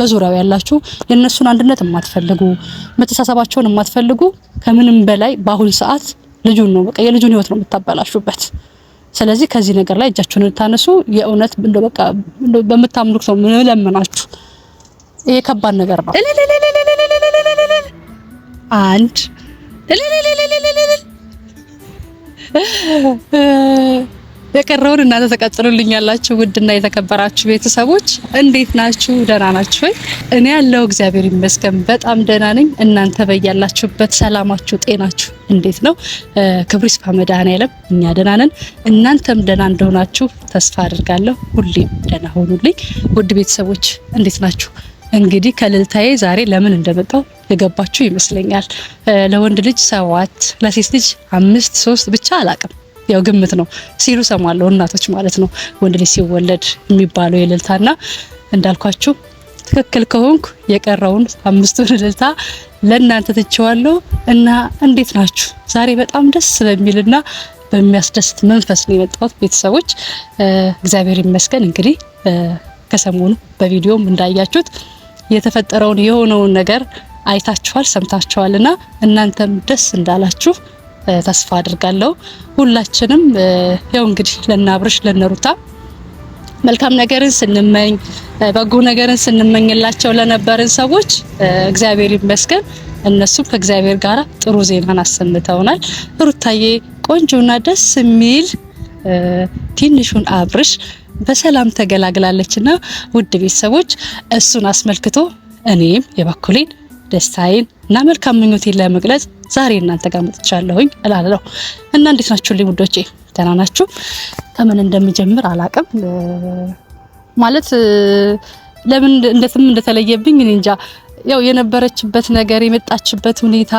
በዙሪያው ያላችሁ የእነሱን አንድነት የማትፈልጉ መተሳሰባቸውን የማትፈልጉ ከምንም በላይ በአሁን ሰዓት ልጁን ነው በቃ የልጁን ህይወት ነው የምታበላሹበት። ስለዚህ ከዚህ ነገር ላይ እጃችሁን እንድታነሱ የእውነት እንደው በምታምልኩ ሰው ምለምናችሁ። ይሄ ከባድ ነገር ነው። አንድ የቀረውን እናንተ ተቀጥሉልኛላችሁ። ውድና የተከበራችሁ ቤተሰቦች እንዴት ናችሁ? ደህና ናችሁ ወይ? እኔ ያለው እግዚአብሔር ይመስገን በጣም ደህና ነኝ። እናንተ በያላችሁበት ሰላማችሁ፣ ጤናችሁ እንዴት ነው? ክብሩ ይስፋ መድኃኔዓለም። እኛ ደህና ነን፣ እናንተም ደህና እንደሆናችሁ ተስፋ አድርጋለሁ። ሁሌም ደህና ሆኑልኝ ውድ ቤተሰቦች እንዴት ናችሁ? እንግዲህ ከልልታዬ ዛሬ ለምን እንደመጣው የገባችሁ ይመስለኛል። ለወንድ ልጅ ሰባት ለሴት ልጅ አምስት ሶስት ብቻ አላቅም ያው ግምት ነው ሲሉ ሰማለሁ እናቶች ማለት ነው ወንድ ልጅ ሲወለድ የሚባለው የልልታና እንዳልኳችሁ ትክክል ከሆንኩ የቀረውን አምስቱን እልልታ ለእናንተ ትቼዋለሁ እና እንዴት ናችሁ? ዛሬ በጣም ደስ በሚልና በሚያስደስት መንፈስ ነው የመጣሁት ቤተሰቦች፣ እግዚአብሔር ይመስገን። እንግዲህ ከሰሞኑ በቪዲዮም እንዳያችሁት የተፈጠረውን የሆነውን ነገር አይታችኋል፣ ሰምታችኋልና እናንተም ደስ እንዳላችሁ ተስፋ አድርጋለሁ። ሁላችንም ያው እንግዲህ ለነ ለነሩታ ለነ ሩታ መልካም ነገርን ስንመኝ በጎ ነገርን ስንመኝላቸው ለነበርን ሰዎች እግዚአብሔር ይመስገን እነሱ ከእግዚአብሔር ጋር ጥሩ ዜናን አሰምተውናል። ሩታዬ ቆንጆና ደስ የሚል ትንሹን አብርሽ በሰላም ተገላግላለችና ውድ ቤተሰቦች እሱን አስመልክቶ እኔም የበኩሌን ደስታዬን እና መልካም ምኞቴን ለመግለጽ ዛሬ እናንተ ጋር መጥቻለሁኝ እላለሁ እና እንዴት ናችሁ ናችሁልኝ ውዶቼ? ደህና ናችሁ? ከምን እንደምጀምር አላቅም ማለት ለምን እንደትም እንደተለየብኝ እኔ እንጃ። ያው የነበረችበት ነገር የመጣችበት ሁኔታ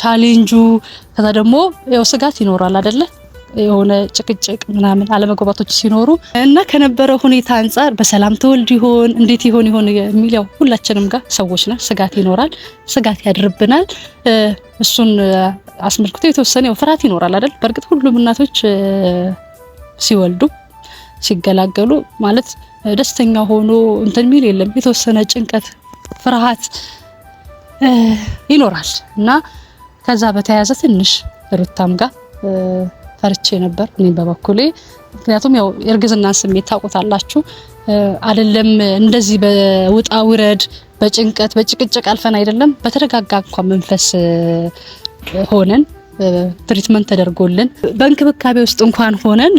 ቻሌንጁ፣ ከዛ ደግሞ ያው ስጋት ይኖራል አይደለ የሆነ ጭቅጭቅ ምናምን አለመግባባቶች ሲኖሩ እና ከነበረው ሁኔታ አንጻር በሰላም ተወልድ ይሆን እንዴት ይሆን ይሆን የሚለው ሁላችንም ጋር ሰዎች ነን፣ ስጋት ይኖራል፣ ስጋት ያድርብናል። እሱን አስመልክቶ የተወሰነ ያው ፍርሃት ይኖራል አይደል? በእርግጥ ሁሉም እናቶች ሲወልዱ ሲገላገሉ ማለት ደስተኛ ሆኖ እንትን የሚል የለም። የተወሰነ ጭንቀት፣ ፍርሃት ይኖራል እና ከዛ በተያያዘ ትንሽ ሩታም ጋር ፈርቼ ነበር እኔ በበኩሌ። ምክንያቱም ያው የእርግዝናን ስሜት ታውቁታላችሁ አይደለም? እንደዚህ በውጣ ውረድ፣ በጭንቀት በጭቅጭቅ አልፈን አይደለም በተረጋጋ እንኳን መንፈስ ሆነን ትሪትመንት ተደርጎልን በእንክብካቤ ውስጥ እንኳን ሆነን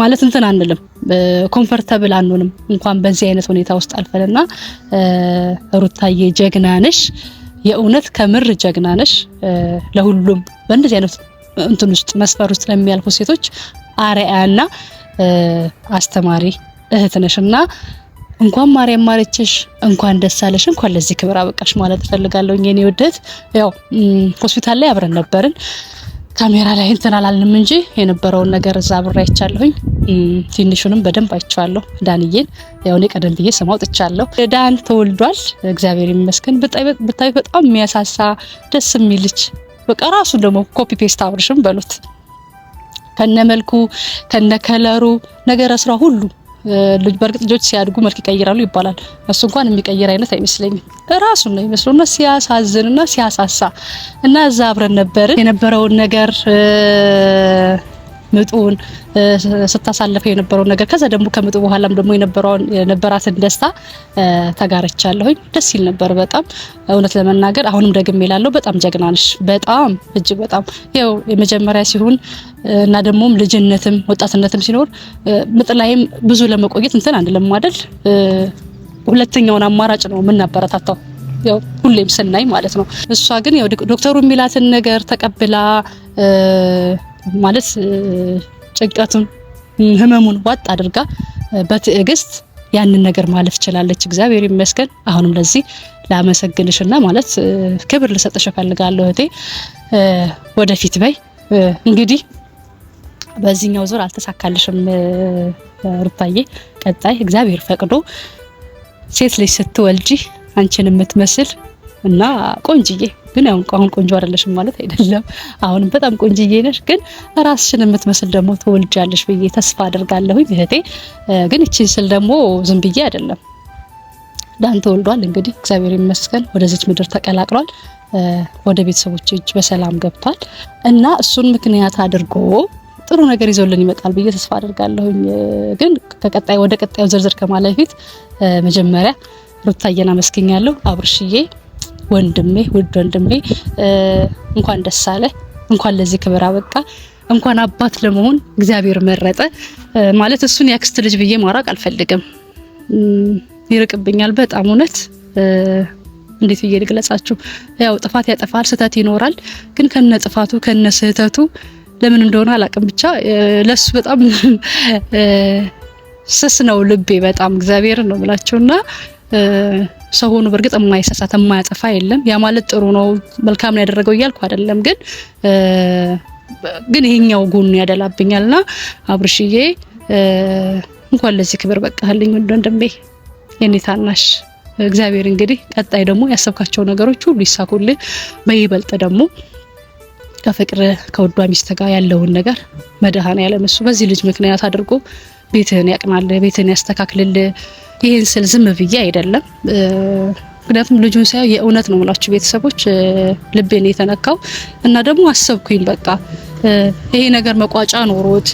ማለት እንትን አንልም፣ ኮምፈርተብል አንሆንም እንኳን በዚህ አይነት ሁኔታ ውስጥ አልፈንና ሩታዬ ጀግናነሽ የእውነት ከምር ጀግናነሽ ለሁሉም በእንደዚህ አይነት እንትን ውስጥ መስፈር ውስጥ ለሚያልፉ ሴቶች አርአያና አስተማሪ እህት ነሽ እና እንኳን ማርያም ማረችሽ፣ እንኳን ደስ አለሽ፣ እንኳን ለዚህ ክብር አበቃሽ ማለት እፈልጋለሁ። የኔ ውደት ያው ሆስፒታል ላይ አብረን ነበርን። ካሜራ ላይ እንትን አላልንም እንጂ የነበረውን ነገር እዛ አብሬ አይቻለሁኝ። ትንሹንም በደንብ አይቼዋለሁ። ዳንዬን ያው እኔ ቀደም ብዬ ስም አውጥቻለሁ። ዳን ተወልዷል፣ እግዚአብሔር ይመስገን። ብታይ በጣም የሚያሳሳ ደስ የሚልች በቃ ራሱን ደግሞ ኮፒ ፔስት አብርሽም በሉት ከነመልኩ ከነከለሩ ነገረ ስራ ሁሉ በእርግጥ ልጆች ሲያድጉ መልክ ይቀይራሉ ይባላል። እሱ እንኳን የሚቀይር አይነት አይመስለኝም። ራሱ ነው ይመስለውና ሲያሳዝንና ሲያሳሳ እና እዛ አብረን ነበርን የነበረውን ነገር ምጡን ስታሳልፈው የነበረውን ነገር ከዛ ደግሞ ከምጡ በኋላም ደግሞ የነበረውን የነበራትን ደስታ ተጋርቻለሁኝ። ደስ ይል ነበር በጣም እውነት ለመናገር አሁንም ደግሜ እላለሁ፣ በጣም ጀግና ነሽ። በጣም እጅግ በጣም ያው የመጀመሪያ ሲሆን እና ደግሞም ልጅነትም ወጣትነትም ሲኖር ምጥ ላይም ብዙ ለመቆየት እንትን አንድ ለማደል ሁለተኛውን አማራጭ ነው የምናበረታታው ያው ሁሌም ስናይ ማለት ነው። እሷ ግን ያው ዶክተሩ የሚላትን ነገር ተቀብላ ማለት ጭንቀቱን ህመሙን ዋጥ አድርጋ በትዕግስት ያንን ነገር ማለፍ ችላለች። እግዚአብሔር ይመስገን። አሁንም ለዚህ ላመሰግንሽና ማለት ክብር ልሰጥሽ እፈልጋለሁ እህቴ። ወደፊት በይ እንግዲህ በዚህኛው ዙር አልተሳካልሽም ሩታዬ። ቀጣይ እግዚአብሔር ፈቅዶ ሴት ልጅ ስትወልጂ አንቺን የምትመስል እና ቆንጅዬ ግን አሁን ቆንጆ አይደለሽም ማለት አይደለም። አሁንም በጣም ቆንጅዬ ነሽ፣ ግን ራስሽን የምትመስል ደግሞ ትወልጃለሽ ብዬ ተስፋ አድርጋለሁ እህቴ። ግን እቺን ስል ደግሞ ዝም ብዬ አይደለም። ዳን ተወልዷል እንግዲህ እግዚአብሔር ይመስገን ወደዚች ምድር ተቀላቅሏል። ወደ ቤተሰቦች እጅ በሰላም ገብቷል እና እሱን ምክንያት አድርጎ ጥሩ ነገር ይዞልን ይመጣል ብዬ ተስፋ አደርጋለሁኝ። ግን ከቀጣይ ወደ ቀጣዩ ዝርዝር ከማለፊት መጀመሪያ ሩታዬን አመስግኛለሁ አብርሽዬ ወንድሜ ውድ ወንድሜ እንኳን ደስ አለ፣ እንኳን ለዚህ ክብር አበቃ፣ እንኳን አባት ለመሆን እግዚአብሔር መረጠ። ማለት እሱን የአክስት ልጅ ብዬ ማራቅ አልፈልግም፣ ይርቅብኛል በጣም እውነት። እንዴት ብዬ ልግለጻችሁ? ያው ጥፋት ያጠፋል፣ ስህተት ይኖራል። ግን ከነ ጥፋቱ ከነ ስህተቱ ለምን እንደሆነ አላቅም፣ ብቻ ለሱ በጣም ስስ ነው ልቤ በጣም እግዚአብሔር ነው ብላችሁና ሰው ሆኖ በእርግጥ የማይሳሳት የማያጠፋ የለም። ያ ማለት ጥሩ ነው መልካም ነው ያደረገው እያልኩ አይደለም። ግን ግን ይሄኛው ጎኑ ያደላብኛልና አብርሽዬ እንኳን ለዚህ ክብር በቃህልኝ ወንድሜ፣ የኔ ታናሽ። እግዚአብሔር እንግዲህ ቀጣይ ደግሞ ያሰብካቸው ነገሮች ሁሉ ይሳኩልህ። በይበልጥ ደግሞ ከፍቅር ከወዷ ሚስት ጋር ያለውን ነገር መድሃን ያለምሱ በዚህ ልጅ ምክንያት አድርጎ ቤትህን ያቅናል፣ ቤትህን ያስተካክልል ይህን ስል ዝም ብዬ አይደለም። ምክንያቱም ልጁን ሳየው የእውነት ነው የምላችሁ ቤተሰቦች፣ ልቤን የተነካው እና ደግሞ አሰብኩኝ በቃ ይሄ ነገር መቋጫ ኖሮት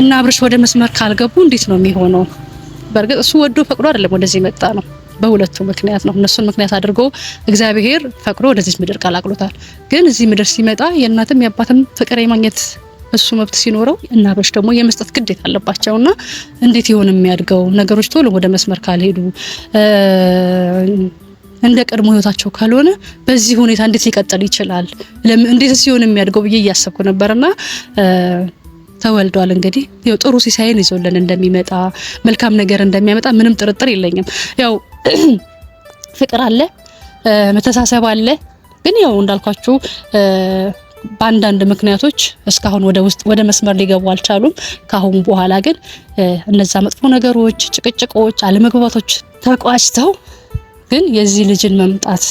እና አብርሽ ወደ መስመር ካልገቡ እንዴት ነው የሚሆነው? በእርግጥ እሱ ወዶ ፈቅዶ አይደለም ወደዚህ መጣ ነው በሁለቱ ምክንያት ነው። እነሱን ምክንያት አድርጎ እግዚአብሔር ፈቅዶ ወደዚህ ምድር ቀላቅሎታል። ግን እዚህ ምድር ሲመጣ የእናትም የአባትም ፍቅር የማግኘት እሱ መብት ሲኖረው እናቶች ደግሞ የመስጠት ግዴታ አለባቸውና እንዴት ይሆን የሚያድገው ነገሮች ቶሎ ወደ መስመር ካልሄዱ እንደ ቀድሞ ህይወታቸው ካልሆነ በዚህ ሁኔታ እንዴት ሊቀጥል ይችላል? እንዴት ሲሆን የሚያድገው ብዬ እያሰብኩ ነበርና ተወልዷል። እንግዲህ ያው ጥሩ ሲሳይን ይዞልን እንደሚመጣ መልካም ነገር እንደሚያመጣ ምንም ጥርጥር የለኝም። ያው ፍቅር አለ፣ መተሳሰብ አለ። ግን ያው እንዳልኳችሁ በአንዳንድ ምክንያቶች እስካሁን ወደ ውስጥ ወደ መስመር ሊገቡ አልቻሉም። ከአሁን በኋላ ግን እነዛ መጥፎ ነገሮች፣ ጭቅጭቆች፣ አለመግባባቶች ተቋጭተው ግን የዚህ ልጅን መምጣት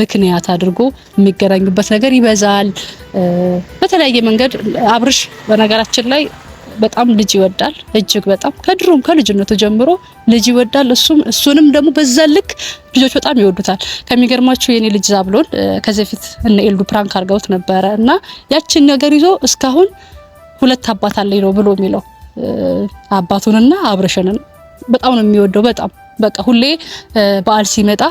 ምክንያት አድርጎ የሚገናኙበት ነገር ይበዛል። በተለያየ መንገድ አብርሽ በነገራችን ላይ በጣም ልጅ ይወዳል፣ እጅግ በጣም ከድሮም ከልጅነቱ ጀምሮ ልጅ ይወዳል። እሱም እሱንም ደግሞ በዛ ልክ ልጆች በጣም ይወዱታል። ከሚገርማቸው የኔ ልጅ ዛብሎን ከዚህ በፊት እነ ኤልዱ ፕራንክ አድርገውት ነበረ እና ያችን ነገር ይዞ እስካሁን ሁለት አባት አለኝ ነው ብሎ የሚለው አባቱንና አብረሸንን በጣም ነው የሚወደው። በጣም በቃ ሁሌ በዓል ሲመጣ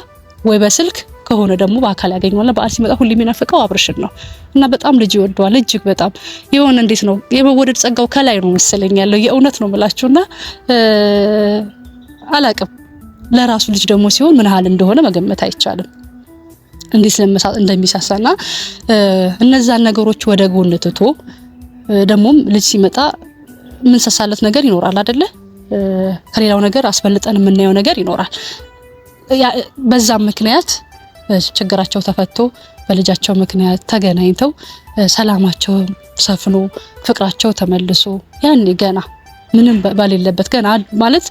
ወይ በስልክ ከሆነ ደግሞ በአካል ያገኘዋል። በዓል ሲመጣ ሁሌ የሚናፍቀው አብርሽን ነው እና በጣም ልጅ ይወደዋል። እጅግ በጣም የሆነ እንዴት ነው የመወደድ ጸጋው ከላይ ነው መሰለኝ ያለው የእውነት ነው የምላችሁና አላቅም ለራሱ ልጅ ደግሞ ሲሆን ምን ያህል እንደሆነ መገመት አይቻልም። እንዴት እንደሚሳሳና እነዛን ነገሮች ወደ ጎን ትቶ ደግሞም ልጅ ሲመጣ የምንሰሳለት ነገር ይኖራል አይደለ? ከሌላው ነገር አስበልጠን የምናየው ነገር ይኖራል። በዛም ምክንያት ችግራቸው ተፈቶ በልጃቸው ምክንያት ተገናኝተው ሰላማቸው ሰፍኖ ፍቅራቸው ተመልሶ ያኔ ገና ምንም ባሌለበት ገና ማለት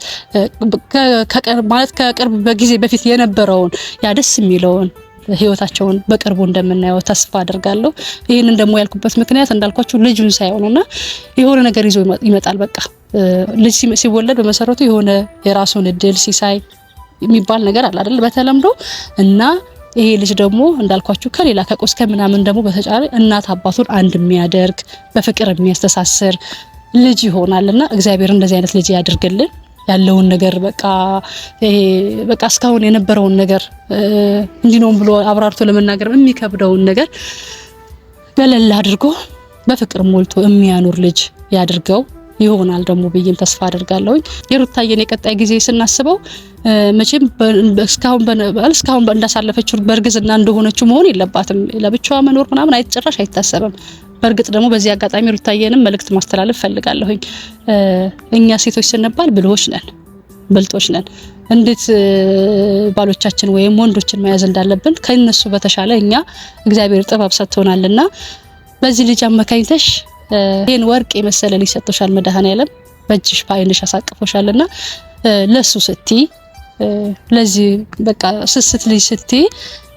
ከቅርብ በጊዜ በፊት የነበረውን ያ ደስ የሚለውን ህይወታቸውን በቅርቡ እንደምናየው ተስፋ አድርጋለሁ። ይህንን ደግሞ ያልኩበት ምክንያት እንዳልኳችሁ ልጁን ሳይሆኑና የሆነ ነገር ይዞ ይመጣል። በቃ ልጅ ሲወለድ በመሰረቱ የሆነ የራሱን እድል ሲሳይ የሚባል ነገር አለ አይደል? በተለምዶ እና ይሄ ልጅ ደግሞ እንዳልኳችሁ ከሌላ ከቁስ ከምናምን ደግሞ በተጫረ እናት አባቱን አንድ የሚያደርግ በፍቅር የሚያስተሳስር ልጅ ይሆናል እና እግዚአብሔር እንደዚህ አይነት ልጅ ያድርግልን። ያለውን ነገር በቃ በቃ እስካሁን የነበረውን ነገር እንዲህ ነው ብሎ አብራርቶ ለመናገር የሚከብደውን ነገር ገለል አድርጎ በፍቅር ሞልቶ የሚያኖር ልጅ ያድርገው። ይሆናል ደግሞ ብዬም ተስፋ አደርጋለሁኝ። የሩታየን የቀጣይ ጊዜ ስናስበው መቼም እስካሁን እስካሁን እንዳሳለፈችው በእርግዝና እንደሆነችው መሆን የለባትም። ለብቻዋ መኖር ምናምን ጭራሽ አይታሰብም። በእርግጥ ደግሞ በዚህ አጋጣሚ ሩታየንም መልእክት ማስተላለፍ ፈልጋለሁኝ። እኛ ሴቶች ስንባል ብልሆች ነን፣ ብልጦች ነን። እንዴት ባሎቻችን ወይም ወንዶችን መያዝ እንዳለብን ከነሱ በተሻለ እኛ እግዚአብሔር ጥበብ ሰጥቶናልና በዚህ ልጅ አመካኝተሽ ይህን ወርቅ የመሰለ ልጅ ሰጥቶሻል መድኃኔዓለም በእጅሽ በአይንሽ አሳቅፎሻል እና ለሱ ስቲ ለዚህ በቃ ስስት ልጅ ስቲ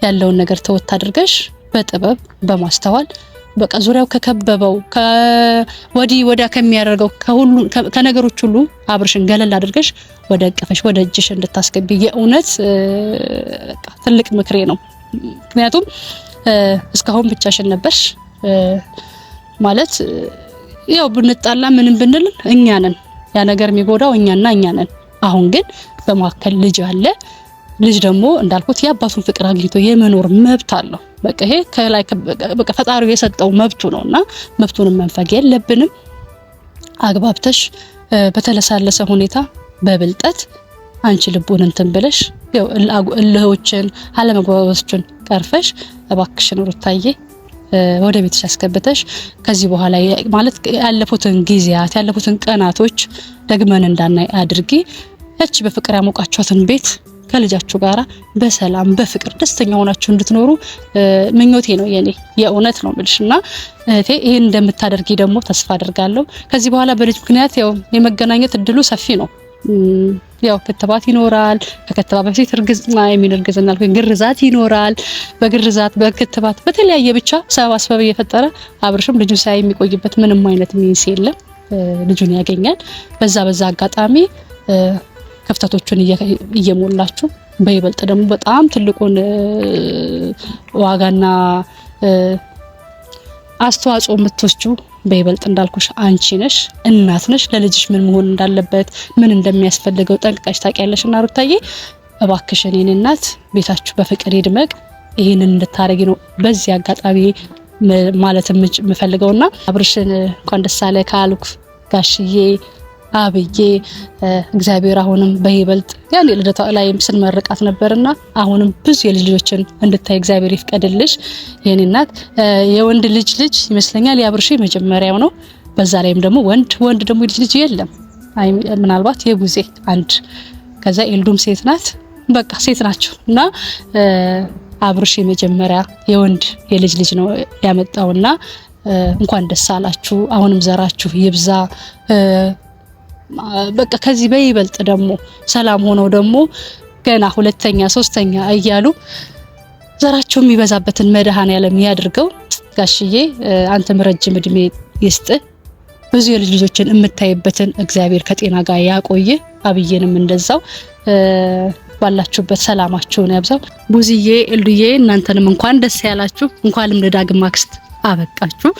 ያለውን ነገር ተወት አድርገሽ በጥበብ በማስተዋል በቃ ዙሪያው ከከበበው ወዲህ ወዲያ ከሚያደርገው ከሁሉ ከነገሮች ሁሉ አብርሽን ገለል አድርገሽ ወደ እቅፍሽ ወደ እጅሽ እንድታስገቢ የእውነት ትልቅ ምክሬ ነው። ምክንያቱም እስካሁን ብቻሽን ነበርሽ። ማለት ያው ብንጣላ ምንም ብንል እኛ ነን ያ ነገር የሚጎዳው እኛና እኛ ነን። አሁን ግን በመካከል ልጅ አለ። ልጅ ደግሞ እንዳልኩት የአባቱን ፍቅር አግኝቶ የመኖር መብት አለው። በቃ ይሄ ከላይ በቃ ፈጣሪው የሰጠው መብቱ ነውና መብቱንም መንፈግ የለብንም። አግባብተሽ በተለሳለሰ ሁኔታ በብልጠት አንቺ ልቡን እንትን ብለሽ ያው እልሆችን አለመግባባቶችን ቀርፈሽ እባክሽን ሩታዬ ወደ ቤትሽ ያስገብተሽ ከዚህ በኋላ ማለት ያለፉትን ጊዜያት ያለፉትን ቀናቶች ደግመን እንዳናይ አድርጊ። እቺ በፍቅር ያሞቃችኋትን ቤት ከልጃችሁ ጋራ በሰላም በፍቅር ደስተኛ ሆናችሁ እንድትኖሩ ምኞቴ ነው የኔ የእውነት ነው የምልሽ። እና እህቴ ይህን እንደምታደርጊ ደግሞ ተስፋ አድርጋለሁ። ከዚህ በኋላ በልጅ ምክንያት ያው የመገናኘት እድሉ ሰፊ ነው። ያው ክትባት ይኖራል። ከክትባት በፊት እርግዝና የሚል እርግዝና ግርዛት ይኖራል። በግርዛት በክትባት በተለያየ ብቻ ሰበብ አስበብ እየፈጠረ አብርሽም ልጁን ሳይ የሚቆይበት ምንም አይነት ሚንስ የለም። ልጁን ያገኛል። በዛ በዛ አጋጣሚ ክፍተቶቹን እየሞላችሁ በይበልጥ ደግሞ በጣም ትልቁን ዋጋና አስተዋጽኦ የምትወስጁ በይበልጥ እንዳልኩሽ አንቺ ነሽ፣ እናት ነሽ። ለልጅሽ ምን መሆን እንዳለበት ምን እንደሚያስፈልገው ጠንቅቀሽ ታውቂያለሽ። እና ሩታዬ እባክሽ እኔን እናት ቤታችሁ በፍቅር ይድመቅ፣ ይህንን እንድታደረጊ ነው በዚህ አጋጣሚ ማለት የምፈልገው እና አብርሽን እንኳን ደስ አለ ካልኩ ጋሽዬ አብዬ እግዚአብሔር አሁንም በይበልጥ ያኔ ላይ ላይም ስንመርቃት ነበርና አሁንም ብዙ የልጅ ልጆችን እንድታይ እግዚአብሔር ይፍቀድልሽ። የኔ እናት የወንድ ልጅ ልጅ ይመስለኛል ያብርሽ መጀመሪያው ነው። በዛ ላይም ደግሞ ወንድ ወንድ ደግሞ የልጅ ልጅ የለም። ምናልባት የጉዜ አንድ ከዛ ኤልዱም ሴት ናት። በቃ ሴት ናቸው እና አብርሽ የመጀመሪያ የወንድ የልጅ ልጅ ነው ያመጣውና እንኳን ደስ አላችሁ። አሁንም ዘራችሁ ይብዛ በቃ ከዚህ በይበልጥ ደግሞ ሰላም ሆነው ደግሞ ገና ሁለተኛ ሶስተኛ እያሉ ዘራቸው የሚበዛበትን መድኃኔዓለም ያድርገው። ጋሽዬ አንተም ረጅም እድሜ ይስጥ፣ ብዙ የልጅ ልጆችን የምታይበትን እግዚአብሔር ከጤና ጋር ያቆየ። አብዬንም እንደዛው ባላችሁበት ሰላማችሁን ያብዛው። ቡዝዬ እልዱዬ፣ እናንተንም እንኳን ደስ ያላችሁ፣ እንኳንም ለዳግም አክስት አበቃችሁ።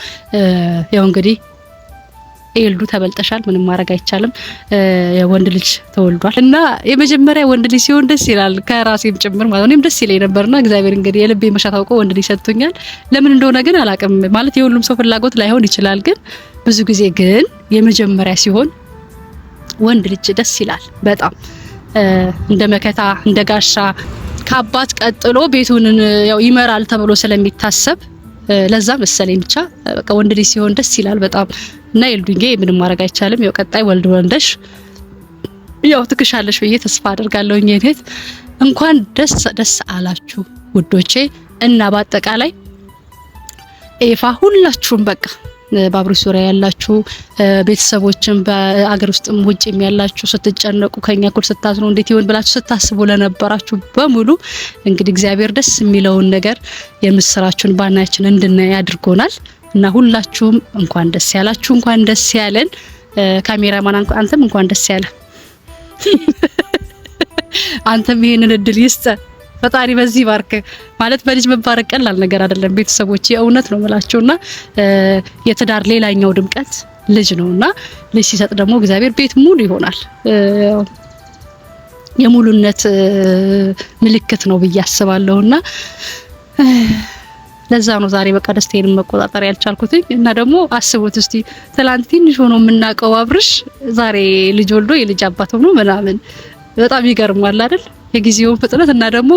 ያው እንግዲህ ኤልዱ ተበልጠሻል፣ ምንም ማድረግ አይቻልም፣ ወንድ ልጅ ተወልዷል እና የመጀመሪያ ወንድ ልጅ ሲሆን ደስ ይላል፣ ከራሴም ጭምር ማለት እኔም ደስ ይለኝ ነበርና እግዚአብሔር እንግዲህ የልቤ መሻት አውቆ ወንድ ልጅ ሰጥቶኛል። ለምን እንደሆነ ግን አላቅም። ማለት የሁሉም ሰው ፍላጎት ላይሆን ይችላል፣ ግን ብዙ ጊዜ ግን የመጀመሪያ ሲሆን ወንድ ልጅ ደስ ይላል በጣም እንደ መከታ እንደ ጋሻ ከአባት ቀጥሎ ቤቱን ያው ይመራል ተብሎ ስለሚታሰብ ለዛ መሰለኝ ብቻ በቃ ወንድ ልጅ ሲሆን ደስ ይላል በጣም እና የልዱንጌ ምንም ማድረግ አይቻልም። ያው ቀጣይ ወልድ ወንደሽ ያው ትክሻለሽ ብዬ ተስፋ አደርጋለሁ። እህት እንኳን ደስ ደስ አላችሁ ውዶቼ እና በአጠቃላይ ኤፋ ሁላችሁም በቃ በአብሮች ዙሪያ ያላችሁ ቤተሰቦችን በአገር ውስጥም ውጭም ያላችሁ ስትጨነቁ፣ ከኛ እኩል ስታዝኑ፣ እንዴት ይሆን ብላችሁ ስታስቡ ለነበራችሁ በሙሉ እንግዲህ እግዚአብሔር ደስ የሚለውን ነገር የምስራችሁን ባናችን እንድናይ አድርጎናል እና ሁላችሁም እንኳን ደስ ያላችሁ፣ እንኳን ደስ ያለን። ካሜራማን አንተም እንኳን ደስ ያለ አንተም ይሄንን እድል ይስጠ ፈጣሪ በዚህ ባርክ ማለት በልጅ መባረክ ቀላል ነገር አይደለም። ቤተሰቦች የእውነት ነው የምላቸውና የትዳር ሌላኛው ድምቀት ልጅ ነውና ልጅ ሲሰጥ ደግሞ እግዚአብሔር ቤት ሙሉ ይሆናል። የሙሉነት ምልክት ነው ብዬ እና ለዛ ነው ዛሬ በቃ ደስታዬን መቆጣጠር ያልቻልኩት። እና ደግሞ አስቡት እስቲ ትላንት ትንሽ ሆኖ የምናውቀው አብርሽ ዛሬ ልጅ ወልዶ የልጅ አባት ሆኖ ምናምን በጣም ይገርማል አይደል? የጊዜውን ፍጥነት እና ደግሞ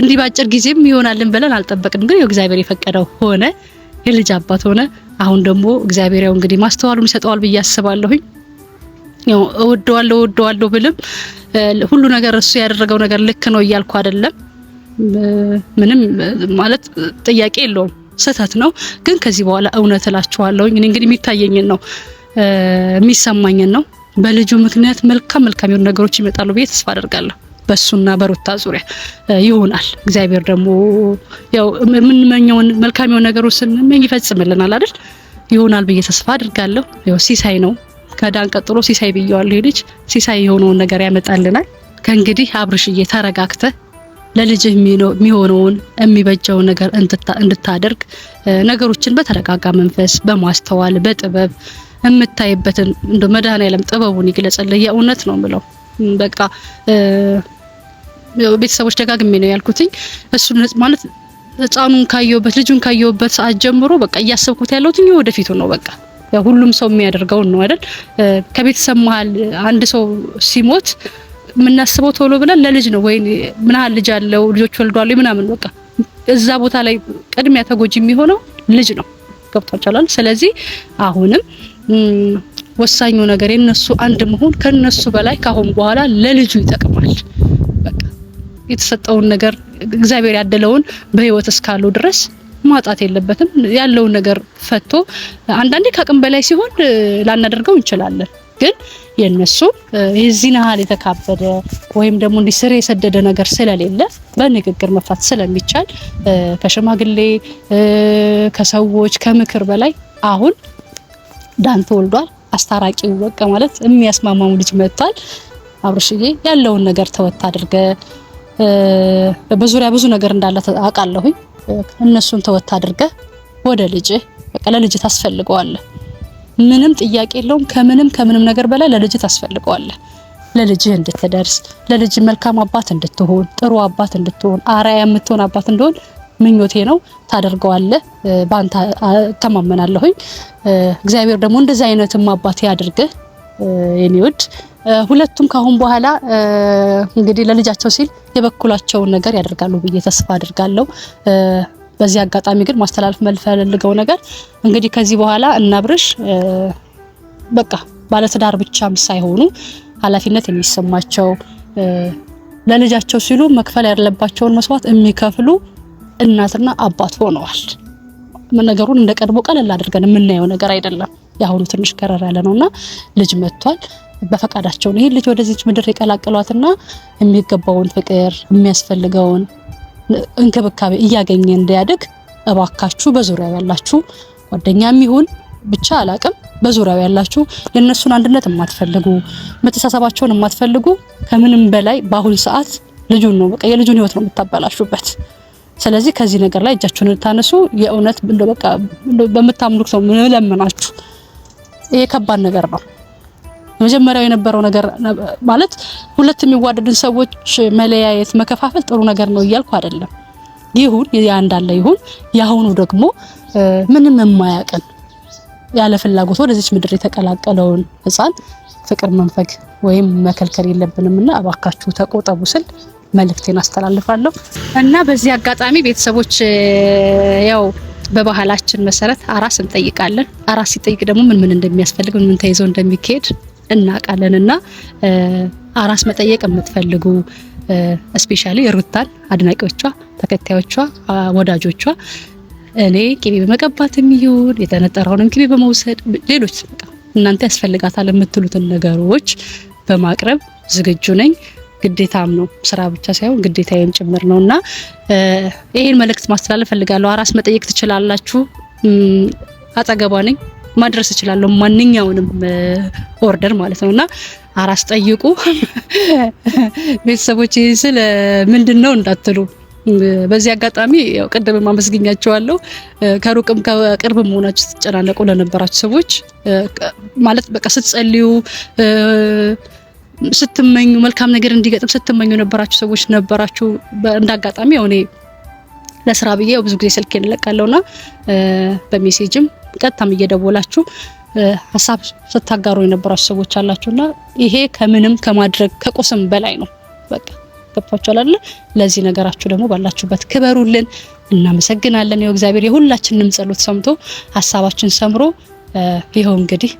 እንዲህ ባጭር ጊዜም ይሆናልን ብለን አልጠበቅንም። ግን እግዚአብሔር የፈቀደው ሆነ፣ የልጅ አባት ሆነ። አሁን ደግሞ እግዚአብሔር ያው እንግዲህ ማስተዋሉን ይሰጠዋል ብዬ አስባለሁኝ። ያው እወደዋለሁ እወደዋለሁ ብልም ሁሉ ነገር እሱ ያደረገው ነገር ልክ ነው እያልኩ አይደለም። ምንም ማለት ጥያቄ የለውም፣ ስህተት ነው። ግን ከዚህ በኋላ እውነት እላችኋለሁኝ እኔ እንግዲህ የሚታየኝን ነው የሚሰማኝን ነው። በልጁ ምክንያት መልካም መልካም የሆኑ ነገሮች ይመጣሉ ብዬ ተስፋ አደርጋለሁ። በሱና በሩታ ዙሪያ ይሆናል። እግዚአብሔር ደግሞ ያው የምንመኘውን መልካም የሆኑ ነገሮች ስንመኝ ይፈጽምልናል አይደል? ይሆናል ብዬ ተስፋ አድርጋለሁ። ያው ሲሳይ ነው ከዳን ቀጥሎ ሲሳይ ብየዋለሁ። ይሄ ልጅ ሲሳይ የሆነውን ነገር ያመጣልናል። ከእንግዲህ አብርሽዬ ተረጋግተህ ለልጅህ የሚሆነውን የሚበጀው ነገር እንድታደርግ ነገሮችን በተረጋጋ መንፈስ በማስተዋል በጥበብ የምታይበትን እንደ መድኃኔዓለም ጥበቡን ይግለጽልህ። የእውነት ነው ምለው በቃ ቤተሰቦች ደጋግሜ ነው ያልኩትኝ። እሱ ማለት ህፃኑን ካየሁበት ልጁን ካየሁበት ሰዓት ጀምሮ በቃ እያሰብኩት ያለሁት ወደፊቱ ነው በቃ ሁሉም ሰው የሚያደርገውን ነው አይደል? ከቤተሰብ መሀል አንድ ሰው ሲሞት የምናስበው ቶሎ ብለን ለልጅ ነው ወይ ምን ያህል ልጅ አለው ልጆች ወልዷል ምናምን በቃ እዛ ቦታ ላይ ቅድሚያ ተጎጂ የሚሆነው ልጅ ነው። ገብቷችኋል? ስለዚህ አሁንም ወሳኙ ነገር የነሱ አንድ መሆን ከነሱ በላይ ካሁን በኋላ ለልጁ ይጠቅማል። የተሰጠውን ነገር እግዚአብሔር ያደለውን በህይወት እስካለው ድረስ ማጣት የለበትም። ያለውን ነገር ፈቶ አንዳንዴ ከአቅም በላይ ሲሆን ላናደርገው እንችላለን። ግን የነሱ የዚህን ያህል የተካበደ ወይም ደግሞ እንዲህ ስር የሰደደ ነገር ስለሌለ በንግግር መፍታት ስለሚቻል ከሽማግሌ ከሰዎች ከምክር በላይ አሁን ዳን ተወልዷል። አስታራቂው በቃ ማለት የሚያስማማሙ ልጅ መጥቷል። አብርሽዬ ያለውን ነገር ተወት አድርገ በዙሪያ ብዙ ነገር እንዳለ አውቃለሁኝ። እነሱን ተወት አድርገ ወደ ልጅ በቃ ለልጅ ታስፈልገዋለህ። ምንም ጥያቄ የለውም። ከምንም ከምንም ነገር በላይ ለልጅ ታስፈልገዋለህ። ለልጅህ እንድትደርስ ለልጅ መልካም አባት እንድትሆን ጥሩ አባት እንድትሆን አርአያ የምትሆን አባት እንደሆን ምኞቴ ነው። ታደርገዋለህ። በአንተ ተማመናለሁኝ። እግዚአብሔር ደግሞ እንደዚህ አይነትም አባት ያድርግህ። የኔ ሁለቱም ካሁን በኋላ እንግዲህ ለልጃቸው ሲል የበኩላቸውን ነገር ያደርጋሉ ብዬ ተስፋ አድርጋለሁ። በዚህ አጋጣሚ ግን ማስተላለፍ መልፈልገው ነገር እንግዲህ ከዚህ በኋላ እና በቃ ባለትዳር ብቻም ሳይሆኑ ኃላፊነት የሚሰማቸው ለልጃቸው ሲሉ መክፈል ያለባቸውን መስዋዕት የሚከፍሉ እናትና አባት ሆነዋል። ነገሩን እንደ ቀድሞ ቀለል አድርገን የምናየው ነገር አይደለም። የአሁኑ ትንሽ ከረር ያለ ነው እና ልጅ መጥቷል። በፈቃዳቸው ነው ይህን ልጅ ወደዚች ምድር የቀላቀሏትና የሚገባውን ፍቅር የሚያስፈልገውን እንክብካቤ እያገኘ እንዲያድግ እባካችሁ በዙሪያው ያላችሁ ጓደኛም ይሁን ብቻ አላቅም፣ በዙሪያው ያላችሁ የእነሱን አንድነት የማትፈልጉ መተሳሰባቸውን የማትፈልጉ ከምንም በላይ በአሁኑ ሰዓት ልጁን ነው በቃ የልጁን ህይወት ነው የምታበላሹበት። ስለዚህ ከዚህ ነገር ላይ እጃችሁን ልታነሱ የእውነት በቃ በምታምልኩ ሰው ምንለምናችሁ ይሄ ከባድ ነገር ነው። መጀመሪያው የነበረው ነገር ማለት ሁለት የሚዋደዱን ሰዎች መለያየት፣ መከፋፈል ጥሩ ነገር ነው እያልኩ አይደለም። ይሁን ያ እንዳለ ይሁን። ያሁኑ ደግሞ ምንም የማያውቅን ያለ ፍላጎት ወደዚች ምድር የተቀላቀለውን ህፃን ፍቅር መንፈግ ወይም መከልከል የለብንም እና እባካችሁ ተቆጠቡ ስል መልእክቴን አስተላልፋለሁ እና በዚህ አጋጣሚ ቤተሰቦች ያው በባህላችን መሰረት አራስ እንጠይቃለን። አራስ ሲጠይቅ ደግሞ ምን ምን እንደሚያስፈልግ ምን ምን ተይዞ እንደሚካሄድ እናውቃለን። እና አራስ መጠየቅ የምትፈልጉ ስፔሻሊ ሩታን አድናቂዎቿ፣ ተከታዮቿ፣ ወዳጆቿ እኔ ቅቤ በመቀባት የሚሆን የተነጠረውንም ቅቤ በመውሰድ ሌሎች እናንተ ያስፈልጋታል የምትሉትን ነገሮች በማቅረብ ዝግጁ ነኝ። ግዴታም ነው። ስራ ብቻ ሳይሆን ግዴታዬም ጭምር ነው እና ይሄን መልእክት ማስተላለፍ ፈልጋለሁ። አራስ መጠየቅ ትችላላችሁ። አጠገቧ ነኝ፣ ማድረስ እችላለሁ። ማንኛውንም ኦርደር ማለት ነው እና አራስ ጠይቁ። ቤተሰቦች ስለ ምንድን ነው እንዳትሉ በዚህ አጋጣሚ ያው ቀደም ማመስግኛቸዋለሁ ከሩቅም ከቅርብ መሆናችሁ ስትጨናነቁ ለነበራችሁ ሰዎች ማለት በቃ ስትጸልዩ ስትመኙ መልካም ነገር እንዲገጥም ስትመኙ የነበራችሁ ሰዎች ነበራችሁ። እንዳጋጣሚ ያው እኔ ለስራ ብዬ ብዙ ጊዜ ስልኬን እለቃለሁና በሜሴጅም ቀጥታም እየደወላችሁ ሀሳብ ስታጋሩ የነበራችሁ ሰዎች አላችሁና ይሄ ከምንም ከማድረግ ከቁስም በላይ ነው። በቃ ገብቷችሁ አላለ። ለዚህ ነገራችሁ ደግሞ ባላችሁበት ክበሩልን። እናመሰግናለን። ያው እግዚአብሔር የሁላችንንም ጸሎት ሰምቶ ሀሳባችን ሰምሮ ይኸው እንግዲህ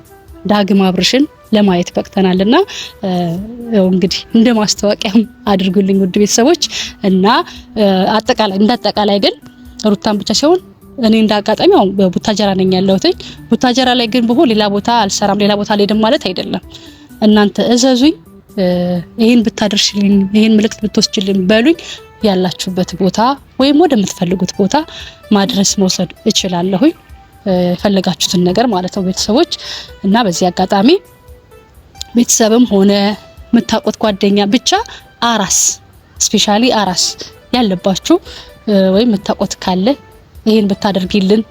ዳግም አብርሽን ለማየት በቅተናል እና እንግዲህ እንደ ማስታወቂያም አድርጉልኝ ውድ ቤተሰቦች እና አጠቃላይ እንዳጠቃላይ ግን ሩታን ብቻ ሲሆን እኔ እንደ አጋጣሚ አሁን ቡታጀራ ነኝ ያለሁትኝ። ቡታጀራ ላይ ግን ብሆን ሌላ ቦታ አልሰራም፣ ሌላ ቦታ አልሄድም ማለት አይደለም። እናንተ እዘዙኝ፣ ይህን ብታደርሽልኝ፣ ይህን ምልክት ብትወስችልኝ በሉኝ፣ ያላችሁበት ቦታ ወይም ወደምትፈልጉት ቦታ ማድረስ መውሰድ እችላለሁኝ፣ የፈለጋችሁትን ነገር ማለት ነው ቤተሰቦች እና በዚህ አጋጣሚ ቤተሰብም ሆነ የምታውቁት ጓደኛ ብቻ አራስ ስፔሻሊ አራስ ያለባችሁ ወይም የምታውቁት ካለ ይህን ብታደርጊልን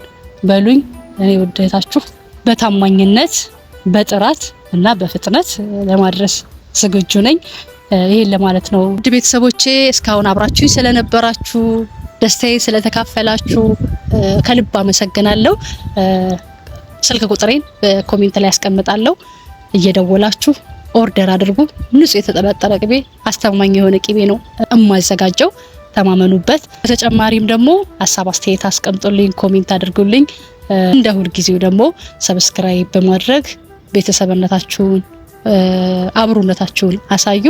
በሉኝ። እኔ ውደታችሁ በታማኝነት በጥራት እና በፍጥነት ለማድረስ ዝግጁ ነኝ። ይህን ለማለት ነው። ውድ ቤተሰቦቼ እስካሁን አብራችሁኝ ስለነበራችሁ ደስታዬ ስለተካፈላችሁ ከልብ አመሰግናለሁ። ስልክ ቁጥሬን በኮሜንት ላይ ያስቀምጣለሁ። እየደወላችሁ ኦርደር አድርጉ። ንጹህ የተጠበጠረ ቅቤ፣ አስተማማኝ የሆነ ቅቤ ነው እማዘጋጀው። ተማመኑበት። በተጨማሪም ደግሞ ሀሳብ አስተያየት አስቀምጡልኝ፣ ኮሜንት አድርጉልኝ። እንደ ሁልጊዜው ደግሞ ሰብስክራይብ በማድረግ ቤተሰብነታችሁን አብሮነታችሁን አሳዩ።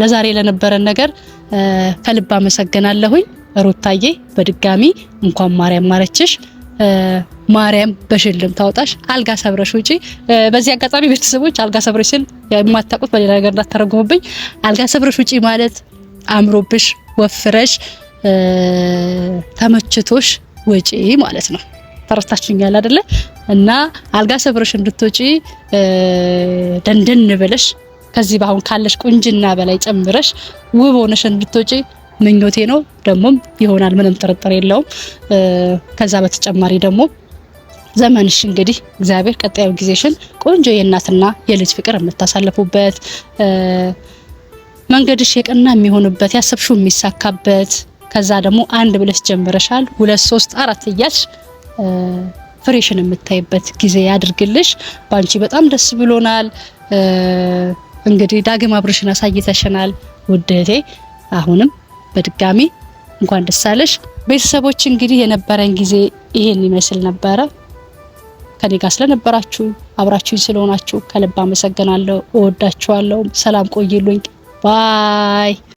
ለዛሬ ለነበረን ነገር ከልብ አመሰግናለሁኝ። ሩታዬ በድጋሚ እንኳን ማርያም ማረችሽ። ማርያም በሽልም ታውጣሽ፣ አልጋ ሰብረሽ ውጪ። በዚህ አጋጣሚ ቤተሰቦች አልጋ ሰብረሽ ስል የማታውቁት በሌላ ነገር እንዳትተረጉሙብኝ። አልጋ ሰብረሽ ውጪ ማለት አምሮብሽ ወፍረሽ ተመችቶሽ ውጪ ማለት ነው። ተረስታችኛል አይደለ? እና አልጋ ሰብረሽ እንድትወጪ ደንደን ብለሽ ከዚህ በአሁን ካለሽ ቁንጅና በላይ ጨምረሽ ውብ ሆነሽ እንድትወጪ ምኞቴ ነው። ደግሞም ይሆናል፣ ምንም ጥርጥር የለውም። ከዛ በተጨማሪ ደግሞ ዘመንሽ እንግዲህ እግዚአብሔር ቀጣዩ ጊዜሽን ቆንጆ የእናትና የልጅ ፍቅር የምታሳልፉበት መንገድሽ የቀና የሚሆንበት ያሰብሽው የሚሳካበት ከዛ ደግሞ አንድ ብለሽ ጀምረሻል ሁለት ሶስት አራት እያልሽ ፍሬሽን የምታይበት ጊዜ ያድርግልሽ። ባንቺ በጣም ደስ ብሎናል። እንግዲህ ዳግም አብርሽን አሳይተሽናል ውድቴ። አሁንም በድጋሚ እንኳን ደስ አለሽ። ቤተሰቦች እንግዲህ የነበረን ጊዜ ይሄን ይመስል ነበረ። ከኔ ጋር ስለነበራችሁ አብራችሁኝ ስለሆናችሁ ከልብ አመሰግናለሁ። እወዳችኋለሁ። ሰላም ቆይሉኝ ባይ